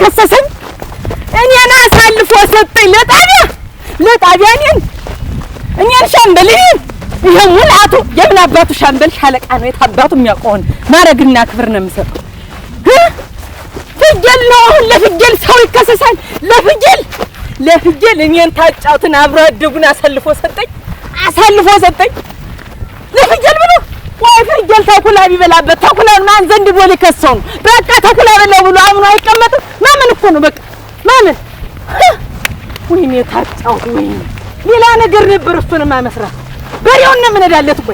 ከሰሰኝ እኔን አሳልፎ ሰጠኝ ለጣቢያ ለጣቢያ እኔን እኔን ሻምበል ይሄን ይሄ ሙላቱ የምን አባቱ ሻምበል ሻለቃ ነው። የት የሚያውቀውን ማረግና ክብር ነው የምሰጠው። ፍየል ነው አሁን ለፍየል ሰው ይከሰሳል። ለፍየል ለፍየል እኔን ታጫውትን አብሮ አደጉን አሳልፎ ሰጠኝ አሳልፎ ሰጠኝ ለፍየል ብሎ ወንጌል ተኩላ ቢበላበት ተኩላን ማን ዘንድ ቦል ይከሰው ነው። በቃ ተኩላ በላው ብሎ አምኖ አይቀመጥም። ማመን እኮ ነው በቃ ማመን። ወይኔ ታጫውት ወይኔ ሌላ ነገር ነበር። እሱንማ መስራት በሬውን ነው የምነዳለት እኮ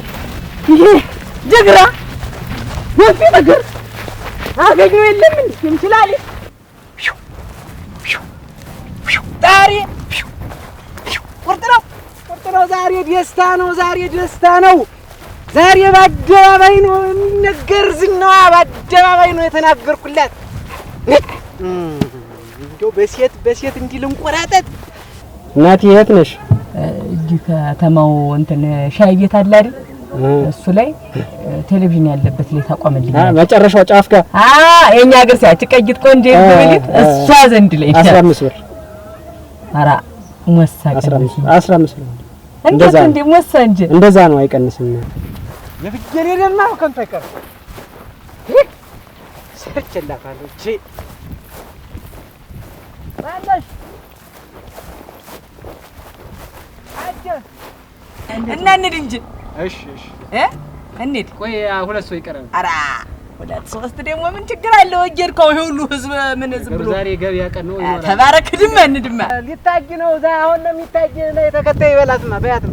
ይሄ ጀግራ ወፊ ነገር አገኙ የለም እንዴ ይምችላል ጣሪ ቁርጥ ነው ቁርጥ ነው። ዛሬ ደስታ ነው። ዛሬ ደስታ ነው። ዛሬ በአደባባይ ነው የሚነገር ዝናዋ፣ በአደባባይ ነው የተናገርኩላት። እንደው በሴት በሴት እንዲህ ልንቆራጠጥ። እናት የት ነሽ? እዚህ ከተማው እንትን ሻይ ቤት አለ አይደል? እሱ ላይ ቴሌቪዥን ያለበት ላይ ታቋመልኝ መጨረሻው ጫፍ ጋር አ የኛ ሀገር ሲያች ቀይት ቆንጆ ይብልት እሷ ዘንድ ላይ 15 ብር አራ ሞሳ 15 ብር እንደዛ እንደዛ ነው። አይቀንስም የፍየሌንማ ከንቱ አይቀርም። ሰርቼላታለሁ። እቺ ባለሽ እና እንሂድ እንጂ። እሺ እሺ እ እንሂድ ቆይ፣ ሁለት ሰው ይቀራል። ኧረ ሁለት ሶስት ደግሞ ምን ችግር አለ? ወጀር ይሄ ሁሉ ህዝብ ምን ዝም ብሎ ዛሬ ገበያ ቀን ነው። ተባረክ። ድማ እንድማ ሊታጅ ነው። ዛ አሁን ነው የሚታጅ። ተከታይ ይበላትማ በያትም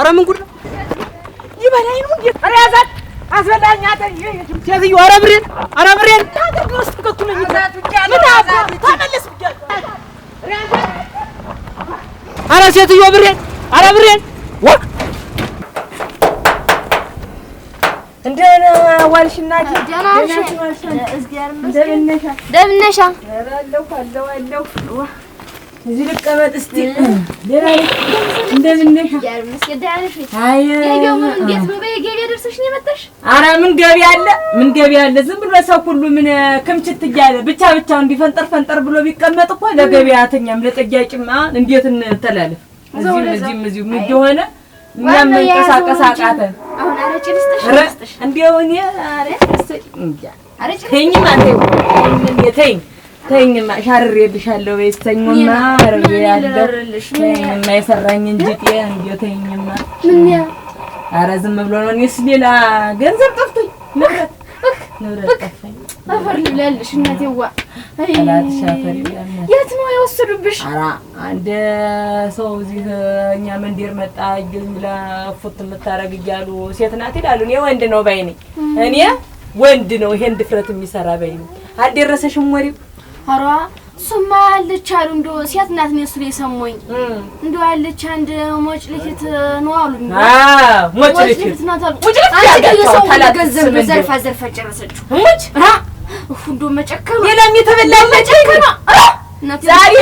አረ ምን ጉድ ነው? ይበላኝ ነው እንዴ? ኧረ ያዛት አስበላኝ። አተ ይሄ ኧረ ብሬን ኧረ ብሬን ታገር ውስጥ ከኩል ነው ምን አባቱ ተመለስ ኧረ ሴትዮ ብሬን ኧረ ብሬን ወ እንደምን ዋልሽ እናቴ? ደህና ነሽ? እንደምን ነሽ? ደህና ነሽ? አለሁ አለሁ አለሁ እዚህ ልቀመጥ እስቲ። እንደምን ነሽ? ኧረ ምን ገበያ አለ? ምን ገበያ አለ? ዝም ብሎ ሰው ሁሉ ምን ክምችት እያለ ብቻ ብቻው እንዲፈንጠር ፈንጠር ብሎ ቢቀመጥ እኮ ለገበያተኛም ለጠያቂማ እንዴት እንተላለፍ? እዚህም እዚህም እዚህም እንደሆነ እኛም መንቀሳቀስ አቃተን። እንደው እኔ ተይኝማ ተይኝ ተይኝማ ሻርሬልሻለሁ በይ እሰኝማ አረብያለሁ ተይኝማ የሰራኝ እንጂ ጤና እንዲያው ተይኝማ ኧረ ዝም ብሎ ነው እኔስ ሌላ ገንዘብ ጠፍቶኝ ንብረት ንብረት ጠፋኝ አፈር ልብላለሽ እናቴዋ እላትሽ የት ነው የወሰዱብሽ ኧረ አንድ ሰው እዚህ እኛ መንደር መጣ እጅል ለፉት እፉት የምታረግ እያሉ ሴት ናት ይላሉ እኔ ወንድ ነው ባይ ነኝ እኔ ወንድ ነው ይሄን ድፍረት የሚሰራ ባይ ነኝ አልደረሰሽም ወሬው ኧረ እሱማ አለች አሉ ሴት ናት እኔ እሱ ላይ ሰሞኝ አለች አንድ ሞጭ ነው አሉ ሞጭ ናት አሉ ገንዘብ ዘርፋ ዘርፋ ጨረሰችው ሞጭ መጨከሩ ሌላም መጨከሩ ዛሬ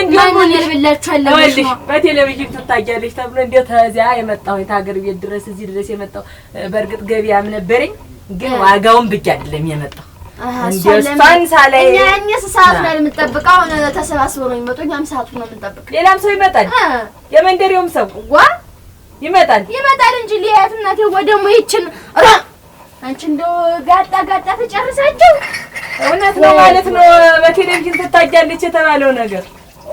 በቴሌቪዥን ትታያለሽ ተብሎ ቤት ድረስ እዚህ ድረስ በእርግጥ ነበረኝ ግን ዋጋውን ብቻ አይደለም እሷን ሳላይ እኛ እኔስ ሰዓት ነው የምንጠብቀው። ተሰባስበው ነው የሚመጡ። እኛም ሰዓቱን ነው የምንጠብቀው። ሌላም ሰው ይመጣል። የመንደሬውም ሰው ጓ ይመጣል ይመጣል እንጂ ሊያት እናቴ ወይ ደግሞ አንቺ እንደው ጋጣ ጋጣ ተጨርሳችሁ እውነት ነው ማለት ነው። በቴሌቪዥን ትታያለች የተባለው ነገር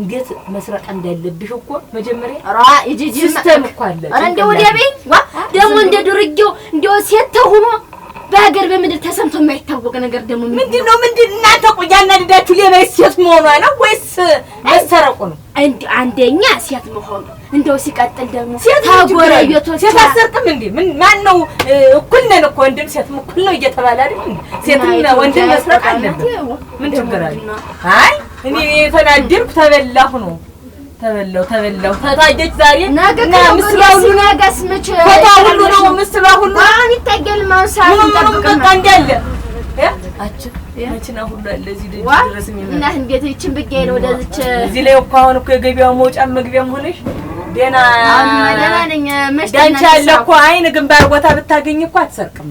እንዴት መስረቅ እንዳለብሽ እኮ መጀመሪያ ራ ይጂጂ ሲስተም እኮ አለ። አረ እንደው ወዲያ በይ ዋ ደግሞ እንደ ዱርጌው እንደው ሴት ተሆኖ በሀገር በምድር ተሰምቶ የማይታወቅ ነገር ደግሞ ምንድን ነው? ምንድን እናንተ ቆይ ያናድዳችሁ ሌባ ሴት መሆኗ ነው ወይስ መሰረቁ ነው? እንደ አንደኛ ሴት መሆኑ እንደው ሲቀጥል ደግሞ ታጎረቤቶች ሴት አሰርቅም እንዴ ምን ማን ነው? እኩል ነን እኮ ወንድም ሴትም እኩል ነው እየተባለ አይደል? ወንድም መስረቅ አለበት። ምን ችግር አለ? አይ እኔ የተናደድኩ ተበላሁ ነው። ተበላው ተበላው ተታየች ዛሬ ነገ ምስባ ሁሉ ነገስ መቼ ፈታ ሁሉ ነው ምስባ ሁሉ አሁን ይታገል ማውሳት እንዳለ መኪና ሁሉ አለ እዚህ ደጅ ድረስ እና እንዴት ይችን ነው ወደዚች እዚህ ላይ እኮ አሁን እኮ የገቢያው መግቢያም ሆነሽ ደህና ደህና ነኝ። እኮ አይን ግንባር ቦታ ብታገኝ እኮ አትሰርቅም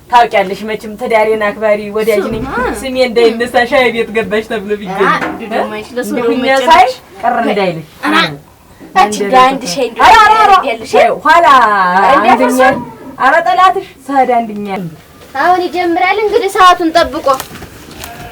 ታውቂያለሽ መቼም ትዳሬን አክባሪ ወዳጅ ነኝ። ስሜ እንዳይነሳ ሻይ ቤት ገባሽ ተብሎ ቢገኝ ቅር እንዳይልሽ ኋላ ጠላትሽ አንድኛ አሁን ይጀምራል እንግዲህ ሰዓቱን ጠብቆ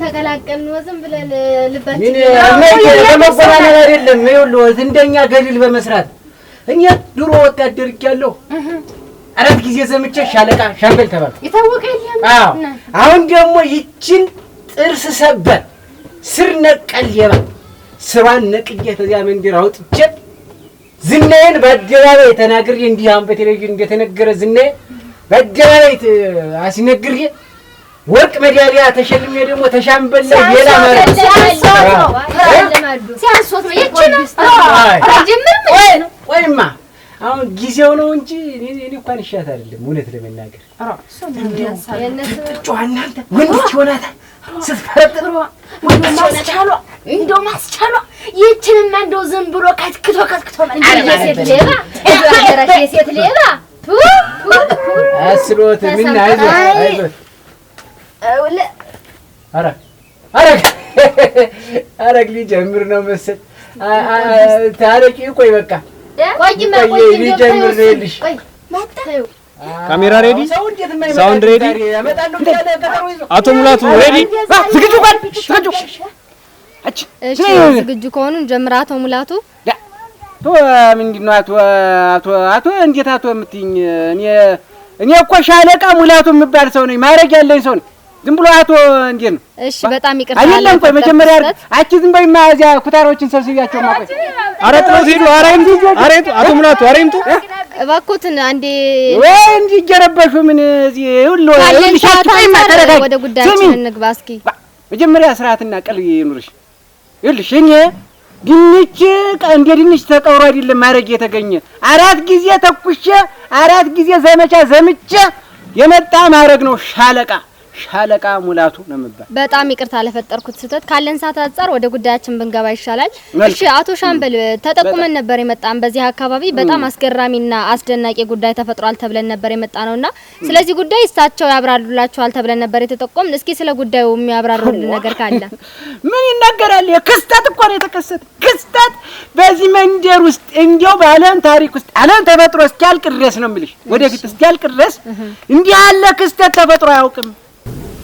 ተቀላቀልን አይደለም። ይኸውልህ እንደኛ ገድል በመስራት እኛ ድሮ ወጣት ደርጊያለሁ። አራት ጊዜ ዘምቼ ሻለቃ ሻምበል ተባልኩ። የታወቀ አሁን ደግሞ ይችን ጥርስ ሰበር ስር ነቀል የባ ስሯን ነቅዬ ተዚያ መንደር አውጥቼ ዝናዬን በአደባባይ ተናግሬ እንዲህ አሁን በቴሌቪዥን እንደተነገረ ዝናዬ በአደባባይ አስነግሬ ወርቅ መዳሊያ ተሸልሜ ደግሞ ተሻምበል ሌላ ማለት ነው። ሲያንሶት ነው ወይማ አሁን ጊዜው ነው እንጂ እኔ እንኳን እሻት አይደለም። እውነት ለመናገር ትጮህ እናንተ ወንዶች ይሆናታል ስትፈረጥጥ እንደው ማስቻሏ ይህችንማ እንደው ዝም ብሎ ከትክቶ ከትክቶ የሴት ሌባ የሴት ሌባ አስሎት ምን አይዞህ አረግ ሊጀምር ነው መሰል። ታረቂ ቆይ፣ በቃ ሊጀምር ነው። የልሽ ካሜራ ሬዲ፣ ሳውንድ ሬዲ፣ አቶ ሙላቱ ሬዲ፣ ዝግጁ ባል ዝግጁ። ዝግጁ ከሆኑ ጀምር። አቶ ሙላቱ አቶ ምንድን ነው አቶ አቶ እንዴት አቶ የምትይኝ? እኔ እኔ እኮ ሻለቃ ሙላቱ የምባል ሰው ነኝ። ማረግ ያለኝ ሰው ነኝ። ዝም ብሎ አቶ እንዴ ነው? እሺ በጣም ይቅርታ። አይደለም ቆይ መጀመሪያ አቺ ዝም በይ ማ ኩታሮችን ሰብስቢያቸው ማ ቆይ። ኧረ ጥሎት ሂዱ። ኧረ ይምጡ፣ ኧረ ይምጡ፣ አቶ ሙላቱ ኧረ ይምጡ እባክዎትን። አንዴ ወይ እንጂ እየረበሹ ምን እዚህ ሁሉ ቆይ ወደ ጉዳያችን እንግባ እስኪ። መጀመሪያ ስርዓትና ቀል ይኑርሽ። ይልሽ እኔ ድንች እንደ ድንች ተቀውሮ አይደለም ማረግ የተገኘ አራት ጊዜ ተኩሼ አራት ጊዜ ዘመቻ ዘምቼ የመጣ ማረግ ነው ሻለቃ ሻለቃ ሙላቱ ነው የሚባል። በጣም ይቅርታ ለፈጠርኩት ስህተት። ካለን ሰዓት አንጻር ወደ ጉዳያችን ብንገባ ይሻላል። እሺ አቶ ሻምበል ተጠቁመን ነበር የመጣን። በዚህ አካባቢ በጣም አስገራሚና አስደናቂ ጉዳይ ተፈጥሯል ተብለን ነበር የመጣ ነውና ስለዚህ ጉዳይ እሳቸው ያብራሩላችኋል ተብለን ነበር የተጠቆምን። እስኪ ስለ ጉዳዩ የሚያብራሩልን ነገር ካለ። ምን ይነገራል? የክስተት እኮ ነው የተከሰተ ክስተት በዚህ መንደር ውስጥ እንዲያው ባለን ታሪክ ውስጥ አለን ተፈጥሮ እስኪያልቅ ድረስ ነው የሚልሽ፣ ወደፊት እስኪያልቅ ድረስ እንዲህ ያለ ክስተት ተፈጥሮ አያውቅም።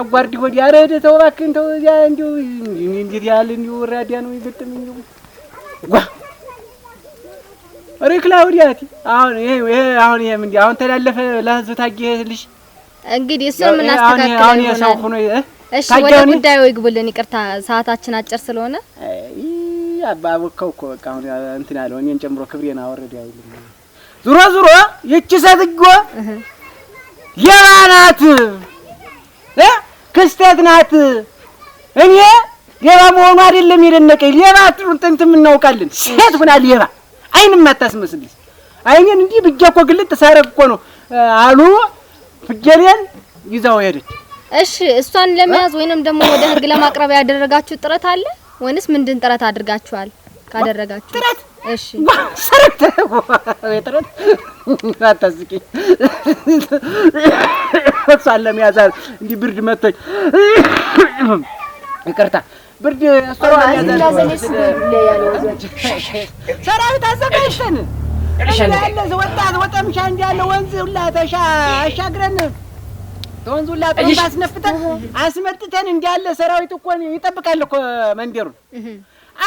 አጓርድ ወዲያ። ኧረ ተው እባክህን ተው። እዚያ እንዲሁ እንዴት ያህል እንዲሁ ወራዲያ ነው የገጠመኝ ጓ ኧረ ክላውዲያ አሁን ይሄ ይሄ አሁን ይሄ ምንድን አሁን ተላለፈ ለህዝብ ታጌልሽ እንግዲህ እሱን የምናስተካክለው አሁን ሆኖ እሺ፣ ወደ ጉዳዩ ይግቡልን። ይቅርታ ሰዓታችን አጭር ስለሆነ አባ እኮ በቃ አሁን እንትን ያለው እኔን ጨምሮ ክብሬን አወረደ አይልም። ዙሮ ዙሮ ይቺ ሰትጎ ሌባ ክስተት ናት። እኔ ሌባ መሆኑ አይደለም የደነቀኝ። ሌባ አትሉን ጥንት የምናውቃለን። ሴት ሁና ሌባ አይንም ማታስመስል አይኔን እንዲህ ብዬ እኮ ግልጥ እኮ ነው አሉ ፍጀሌን ይዛው ሄደች። እሺ እሷን ለመያዝ ወይንም ደግሞ ወደ ህግ ለማቅረብ ያደረጋችሁ ጥረት አለ ወይንስ ምንድን ጥረት አድርጋችኋል? ካደረጋችሁ ጥረት እሺ፣ ሰረተ ወይ ጥረት አታስቂኝ። እሷን ለመያዝ እንዲህ ብርድ መቶኝ ይቅርታ ብርድ ሰራዊት አዘጋጅተን ያለ ወጣት ወጠምሻ እንዲ ያለ ወንዝ ሁላ ተሻ አሻግረን ከወንዙ ሁላ አስነፍተን አስመጥተን እንዲ ያለ ሰራዊት እኮ ይጠብቃል እኮ መንደሩን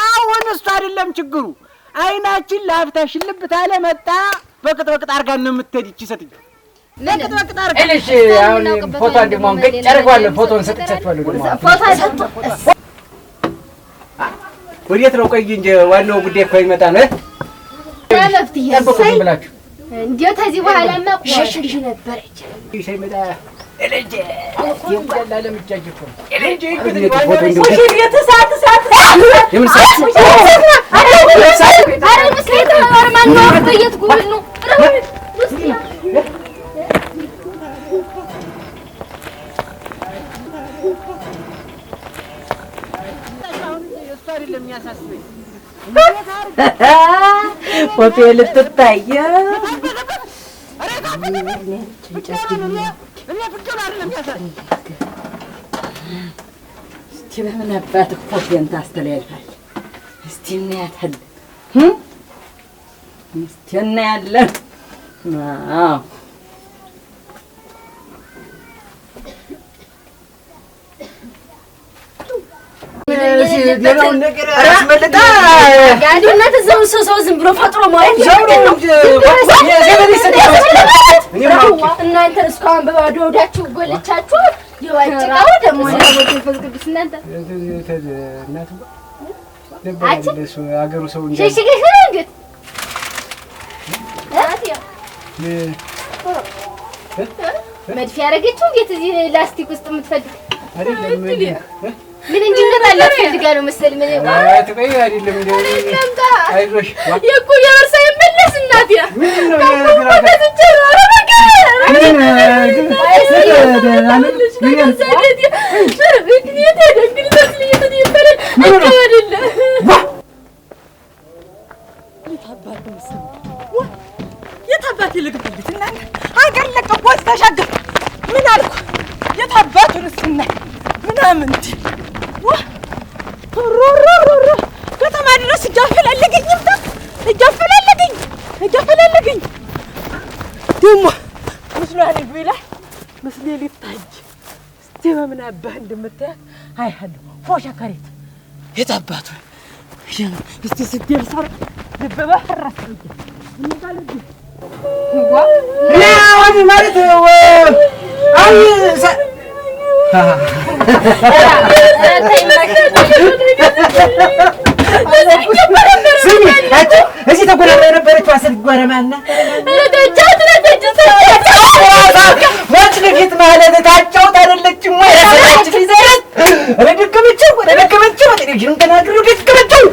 አሁን እሱ አይደለም ችግሩ። አይናችን ላፍታ ሽልብ ታለ መጣ በቅጥ በቅጥ አድርጋን ነው የምትሄድ ይቺ ሴትዮ ለቅጥ በቅጥ አድርጋን እልሽ። አሁን ፎቶ አንድማውን ገጭ አደርገዋለሁ። ፎቶን ሰጥቻችኋለሁ። ደግሞ ወዴት ነው? ቆይ እንጂ ዋናው ጉዳይ እኮ ይመጣ ነው። ለፍትዬ ብላችሁ እንዴ ከዚህ በኋላ ነበር ሸሽልሽ ነበረች መጣ ፎቶ ልትታየ خبر نمیذاری استی به من بعد خوبی انت است لیل فر استی نیت هد هم استی نیت ل ما آه. እናንተ እስካሁን በባዶ ወዳችሁ ጎልቻችሁ የዋጭቃው ደግሞ ለሞቴ ቅዱስ እናንተ አገሩ ሰው መድፍ ያደረገችው እንዴት እዚህ ላስቲክ ውስጥ የምትፈልግ ምን እንድንመጣላት ፈልጋ ነው መሰል ምን አትቆይ አይደለም አይዞሽ የኩ የበርሳ የመለስ እናት ያ ምን ነው አባህ እንደምታያት አይሃለሁ ፎሻ ከሬት የታባቱ እስቲ ስደርስ ልበባ ራስ ማለት እዚህ ተጎላማ የነበረችው አሰብ ጎረማና ወጭ ንፊት ማለት ታጫውታ ተናግሮ ቤት ከመጣው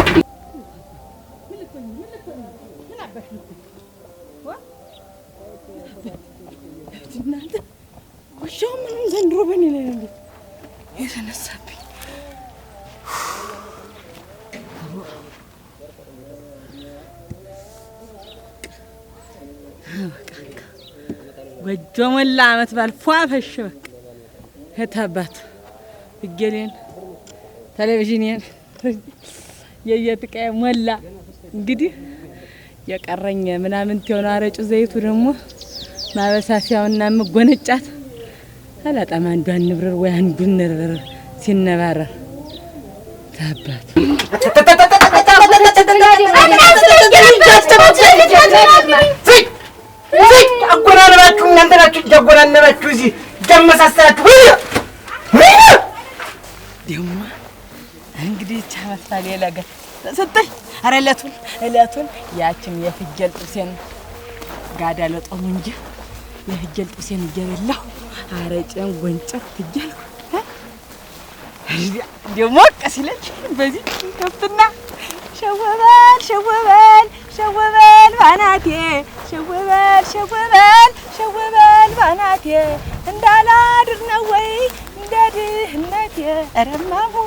እናንተ ጉሻው ምንም ዘንድሮ በኔ ላይ ነው የተነሳብኝ። ጎጆ ሞላ አመት ባል ፏ ፈሽ በቃ እህት አባት እገሌን ቴሌቪዥን የየጥቃዬ ሞላ። እንግዲህ የቀረኝ ምናምን የሆነ አረጩ ዘይቱ ደግሞ ማበሳሲያውና መጎነጫት አላጣም። አንዷን ንብርር ወይ አንዱን ንብርር ሲነባረር ታባቱ አጎራረባችሁ እናንተ ናችሁ እያጎራረባችሁ እዚህ እያመሳሰላችሁ ደግሞ እንግዲህ ይቻ መስላ ሌላ ገር ስጠኝ። ኧረ ያችን የፍየል ጥብሴን ጋዳ ለጦም እንጂ የፍየል ጥብሴን እየበላሁ አረቄን ጎንጨት እያልኩ ሞቅ ሲለኝ በዚህ ከፍትና ሸወበል ሸወበል ሸወበል ባናቴ ሸወበል ሸወበል ሸወበል ባናቴ እንዳላድር ነው ወይ እንደ ድህነቴ ረማሁ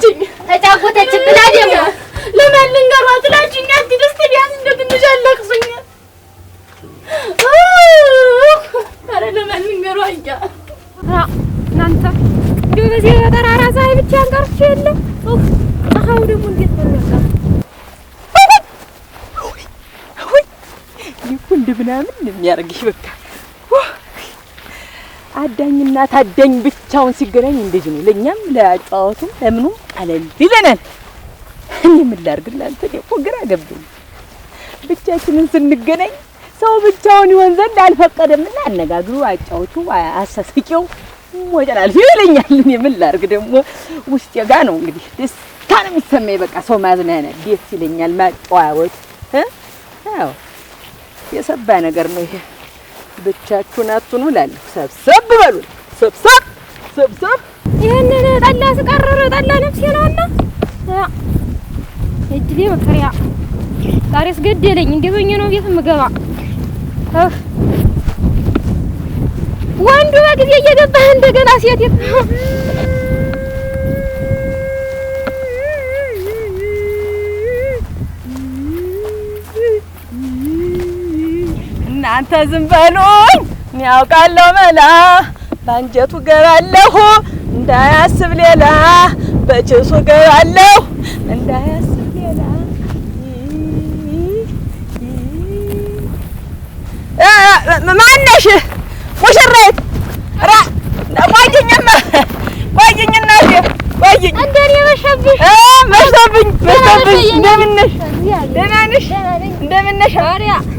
የሚያደርግ በቃ አዳኝና ታዳኝ ብቻውን ሲገናኝ እንደዚህ ነው። ለእኛም ለአጫዋቱ ለምኑ አለል ይለናል። እኔ ምን ላድርግልህ? እኮ ግራ ገብቶኝ ብቻችንን ስንገናኝ ሰው ብቻውን ይሆን ዘንድ አልፈቀደም እና አነጋግሩ፣ አጫውቱ፣ አሳስቂው ሞጨላል ይለኛል። እኔ ምን ላድርግ ደግሞ ውስጤ ጋ ነው እንግዲህ ደስታ ነው የሚሰማኝ። በቃ ሰው ማዝናናት ደስ ይለኛል። ማጫወት አዎ የሰባ ነገር ነው ይሄ። ብቻችሁን አትሁኑ እላለሁ። ሰብሰብ በሉ ሰብሰብ ሰብሰብ። ይህንን ጠላ ስቀርር ጠላ ነፍሴ ነው እና እድሌ መከሪያ ዛሬስ ገደለኝ። እንዴት ሆኜ ነው ቤት የምገባ? ወንዱ በጊዜ እየገባህ እንደገና ሴት እናንተ ዝም በሉኝ፣ እኔ አውቃለሁ መላ ባንጀቱ ገባለሁ እንዳያስብ ሌላ፣ በጭሱ ገባለሁ እንዳያስብ ሌላ። ማነሽ ሙሽሬት? ቆይኝማ ቆይኝ እናቴ ቆይኝ። እንደኔ መሸብሽ? መሸብኝ፣ መሸብኝ። እንደምን ነሽ? ደህና ነሽ? እንደምን ነሽ?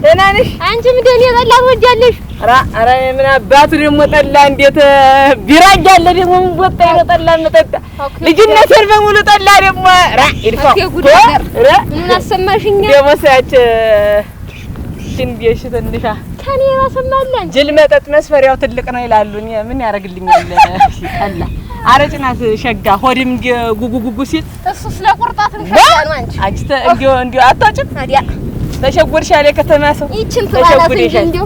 ደህና ነሽ? አንቺም እንደኔ ጠላ ትወጃለሽ? ኧረ ኧረ ምን አባቱ ደግሞ ጠላ እንዴት ቢራ እያለ ደግሞ ምን ቦታ ነው ጠላ መጠጣ? ልጅነቴን በሙሉ ጠላ ደግሞ ኧረ ይድፋው። ኧረ ምን አሰማሽኛ ደግሞ ሰያች እንዴሽ ትንሻ ከኔ ባሰማለን ጅል መጠጥ መስፈሪያው ትልቅ ነው ይላሉ። ምን ያደርግልኛል? አላ አረጭናት ሸጋ ሆድም ጉጉጉጉ ሲል እሱ ስለ ቁርጣት ነው። አንቺ አንቺ እንዲሁ እንዲሁ አታጭም ታዲያ ተሸጉድሻል። የከተማ ሰው ይችን ትባላት እንጂ እንዲሁ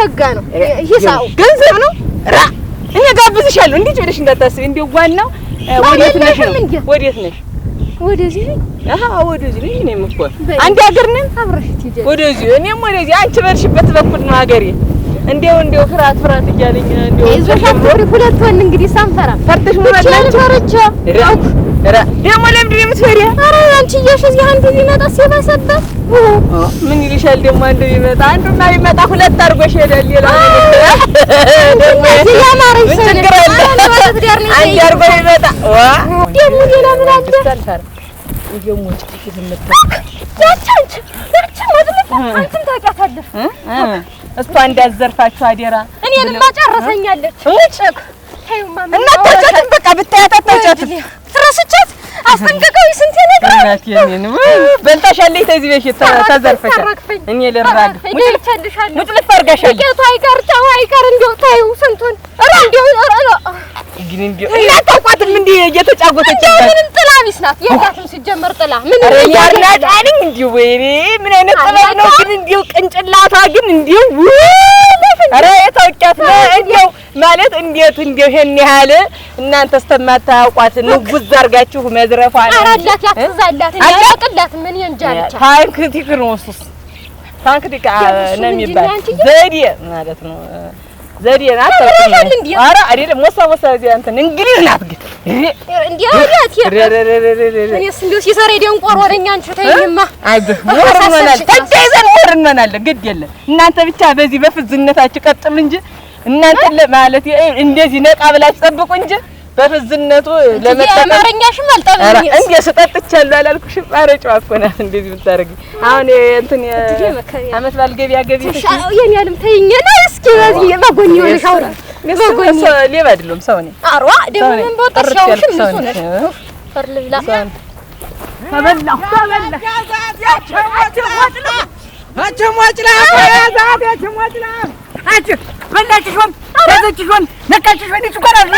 ሸጋ ነው ሂሳቡ ገንዘብ ነው። ራ እኔ ጋብዝሻለሁ። እንዲህ ብለሽ እንዳታስቢ። እንዲሁ ዋናው ወዴት ነሽ ነው ወዴት ነሽ ወደዚህ አሃ፣ ወደዚህ ነኝ። እኔም እኮ አንድ ሀገር ነን። አብረሽ ትሄጃለሽ ወደዚህ፣ እኔም ወደዚህ። አንቺ በልሽበት በኩል ነው ሀገሬ። እንደው እንደው ፍርሃት ፍርሃት እያለኝ እንደው ይዞሻል። ሁለት ወንድ እንግዲህ ሳንፈራ ፈርተሽ ነው ማለት ነው። ረክ ደግሞ ለምንድን ነው የምትፈሪያ? ኧረ አንቺ እያልሽ አንዱ ቢመጣ ሲበሰበት ምን ይልሻል? ደግሞ አንዱ ቢመጣ አንዱና ቢመጣ ሁለት አድርጎሽ ሄዳል። ሌላ ደግሞ ያማረኝ ሰው ነው። አንድ አድርጎ ቢመጣ ደግሞ ሌላ ምን አለ አንቺም ታውቂያታለሽ። እሷ እንዳትዘርፋችሁ አደራ። እኔንማ ጨርሰኛለች። እና አታውጫትም። በቃ ብታያት አታውጫትም። ትረስቻት አስጠንቀቀው ስንት ነግራት በልታሻለች። ተዚህ በፊት ተዘርፈሻል። እኔ ልራለሁ ሙጭ ልታርጋሻለች። አይቀር አይቀር እንደው ተይው ስንቱን እና አታውቋትም። እንደ እየተጫወተች ምንም ጥላ ቢስ ናት። የላትም ሲጀመር ጥላ ምንአድናጣንኝ እንዲሁ ወይኔ ምን አይነት ጥላት ነው ግን እንዲሁ ቅንጭላቷ ግን እንዲሁ ኧረ ታውቂያት ነው እንዲያው ማለት እንዴት እንዴት ይሄን ያህል እናንተ እስተማታውቋት ንጉዝ አድርጋችሁ መዝረፋ ነው። አራላት ያትዛላት ያጥላት ምን እንጃለች። ታንክ ቲክ ነው እሱስ ታንክ ቲክ ነው የሚባል ዘዴ ማለት ነው። ዘዴ ናት። ኧረ አይደለም ሞሳ ሞሳ እዚያ እንትን እንግሊዝ ናት ግን እናንተ ብቻ በዚህ በፍዝነታችሁ ቀጥሉ እንጂ እናንተ ለማለት እንደዚህ ነቃ ብላችሁ ጠብቁ እንጂ በፍዝነቱ ለመጣጣም አማርኛሽም አልጠብቅኝ እንዴ ስጠጥቻለሁ አላልኩሽም? ኧረ ጨዋ እኮ ናት። እንደዚህ ብታረጊ አሁን እንትን አመት ባል ገቢያ ገቢ የኔ ያልም ተይኝ እስኪ በዚህ በጎኝ ሆነ ሻውራ በጎኝ ሌባ አይደለም ሰው ነኝ። አሯ ደግሞ ምን በወጣሽ ሻውሽም ነው ነው ፈርልብላ ተበላሁ ተበላሁ ያቸው ወጭላ ያቸው ወጭላ በላችሽም ያዘችሽም ነካችሽም ይችኮናል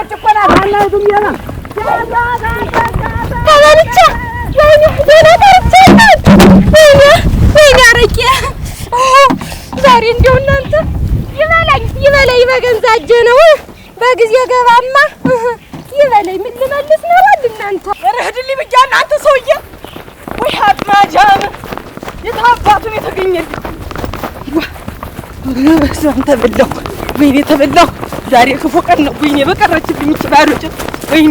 ይችኮናል አናቱም ይሆናል ተበልቼ ወይኔ ደህና ተርቼ ወይኔ ወይኔ አረቄ ዛሬ እንደው እናንተ ይበላኝ ይበላኝ በገንዛ እጄ ነው በጊዜ ገባማ ይበላኝ ምን ልመልስ ነው መክሰም ተበላሁ። ወይኔ ተበላሁ። ዛሬ ክፉ ቀን ነው። ወይኔ በቀረችብኝ ችባሮች ወይኔ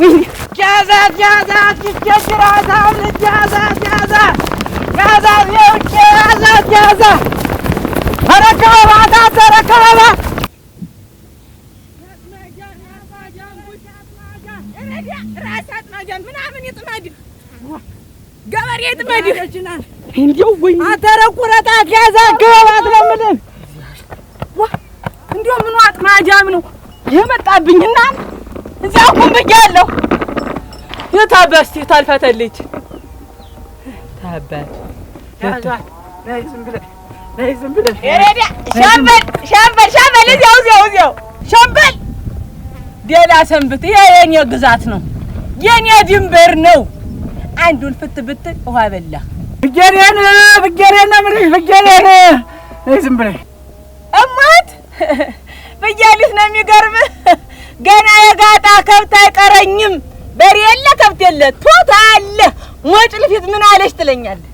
ወይኔ ያዛት ያዛት ይቸግራታ ልጅ ያዛት ያዛት ያዛት የውጭ ያዛት ያዛት ተረከበባት ተረከበባት ራስ አጥማጃን ምናምን ይጥመድ ገበሬ ይጥመድ እንዲው ወይ አተረቁረጣት ያዛት ግበባት ነው ምንም መጣብኝና እዚያ አሁን ብያለሁ። የታባስ የታልፋታለች ታባት ሸምበል ሸምበል ሰንብት። ይሄ የኔ ግዛት ነው፣ የኔ ድንበር ነው። አንዱን ፍት ብት ውሃ በላ ብጌሬን ብጌሬን ምልሽ ብጌሬን ዝም ብለሽ እማት ብያለሽ ነው የሚገርምህ ገና የጋጣ ከብት አይቀረኝም። በሬ የለ ከብት የለ ቶታ አለ ሞጭ ልፊት ምን አለሽ ትለኛለህ